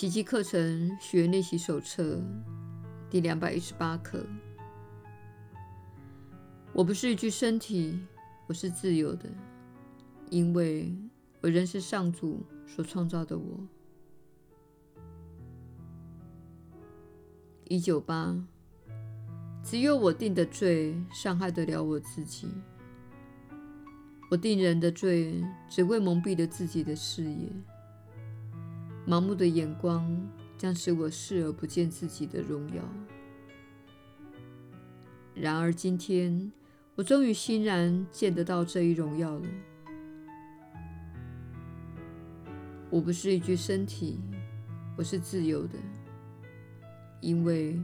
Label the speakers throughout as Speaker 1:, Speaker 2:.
Speaker 1: 奇蹟課程學員練習手冊第兩百一十八課：我不是一具身體，我是自由的，因為我仍是上主所創造的我。一九八，只有我定的罪傷害得了我自己，我定人的罪只會蒙蔽了自己的視野。盲目的眼光將使我視而不見自己的榮耀。然而，今天我終於欣然見得到這一榮耀了。我不是一具身體，我是自由的，因為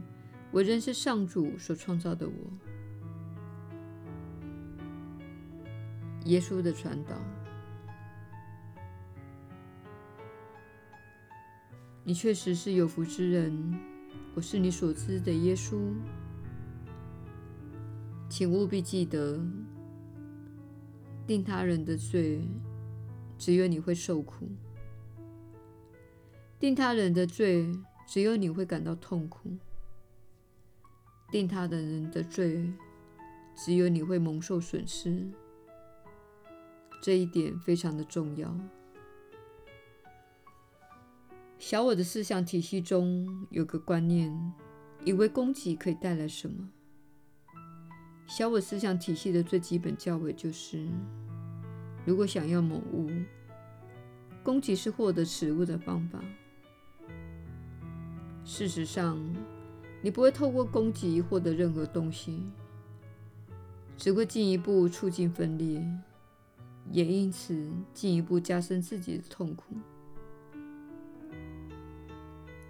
Speaker 1: 我仍是上主所創造的我。耶穌的傳導。你確實是有福之人，我是你所知的耶穌，請務必記得，定他人的罪，只有你會受苦；定他人的罪，只有你會感到痛苦；定他人的罪，只有你會蒙受損失。這一點非常的重要。小我的思想體系中有個觀念，以為攻擊可以帶來什麼？小我思想體系的最基本教誨就是：如果想要某物，攻擊是獲得此物的方法。事實上，你不會透過攻擊獲得任何東西，只會進一步促進分裂，也因此進一步加深自己的痛苦。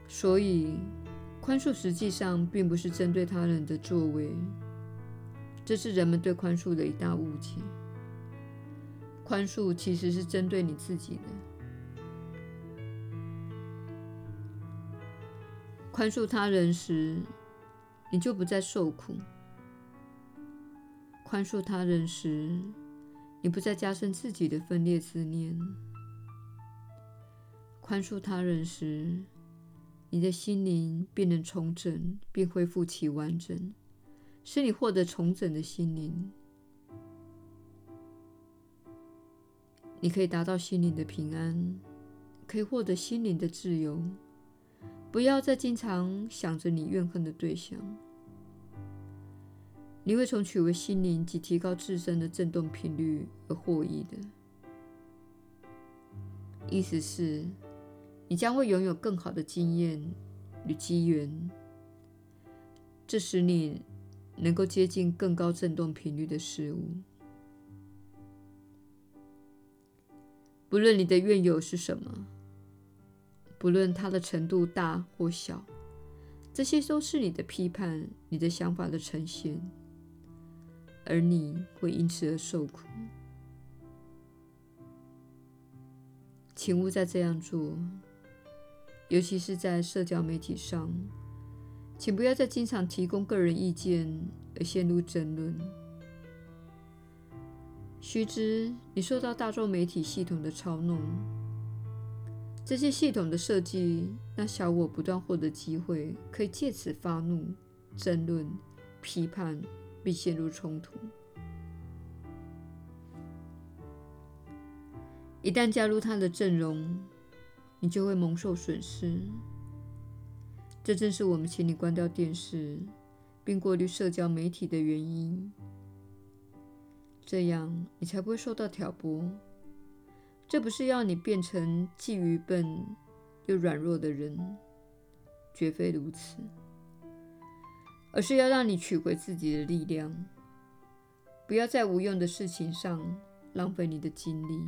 Speaker 1: 所以，寬恕實際上並不是針對他人的作為，這是人們對寬恕的一大誤解。寬恕其實是針對你自己的。寬恕他人時，你就不再受苦；寬恕他人時，你不再加深自己的分裂之念；寬恕他人時，你的心靈便能重整，並恢復其完整，使你獲得重整的心靈。你可以達到心靈的平安，可以獲得心靈的自由。不要再經常想着你怨恨的對象，你會從取回心靈及提高自身的振動頻率而獲益的。意思是。你將會擁有更好的經驗與機緣，這使你能夠接近更高振動頻率的事物。不論你的怨尤是什麼，不論它的程度大或小，這些都是你的批判、你的想法的呈現，而你會因此而受苦。請勿再這樣做。尤其是在社交媒體上，請不要再經常提供個人意見而陷入爭論。須知，你受到大眾媒體系統的操弄，這些系統的設計讓小我不斷獲得機會，可以借此發怒、爭論、批判，並陷入衝突。一旦加入他的陣容，你就會蒙受損失，這正是我們請你關掉電視並過濾社交媒體的原因。這樣你才不會受到挑撥。這不是要你變成既愚笨又軟弱的人，絕非如此，而是要讓你取回自己的力量，不要在無用的事情上浪費你的精力。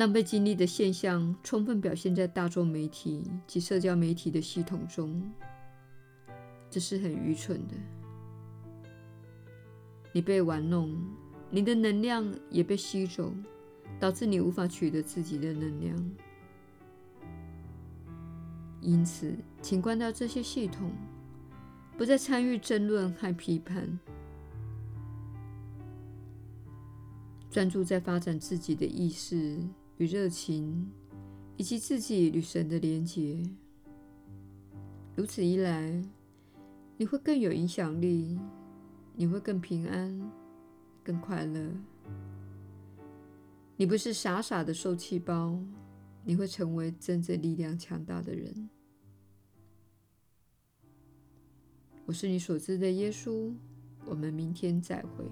Speaker 1: 浪費精力的現象充分表現在大眾媒體及社交媒體的系統中，這是很愚蠢的。你被玩弄，你的能量也被吸走，導致你無法取得自己的能量。因此，請關掉這些系統，不再參與爭論和批判，專注在發展自己的意識與熱情，以及自己與神的連結，如此一來，你會更有影響力，你會更平安、更快樂。你不是傻傻的受氣包，你會成為真正力量強大的人。我是你所知的耶穌，我們明天再會。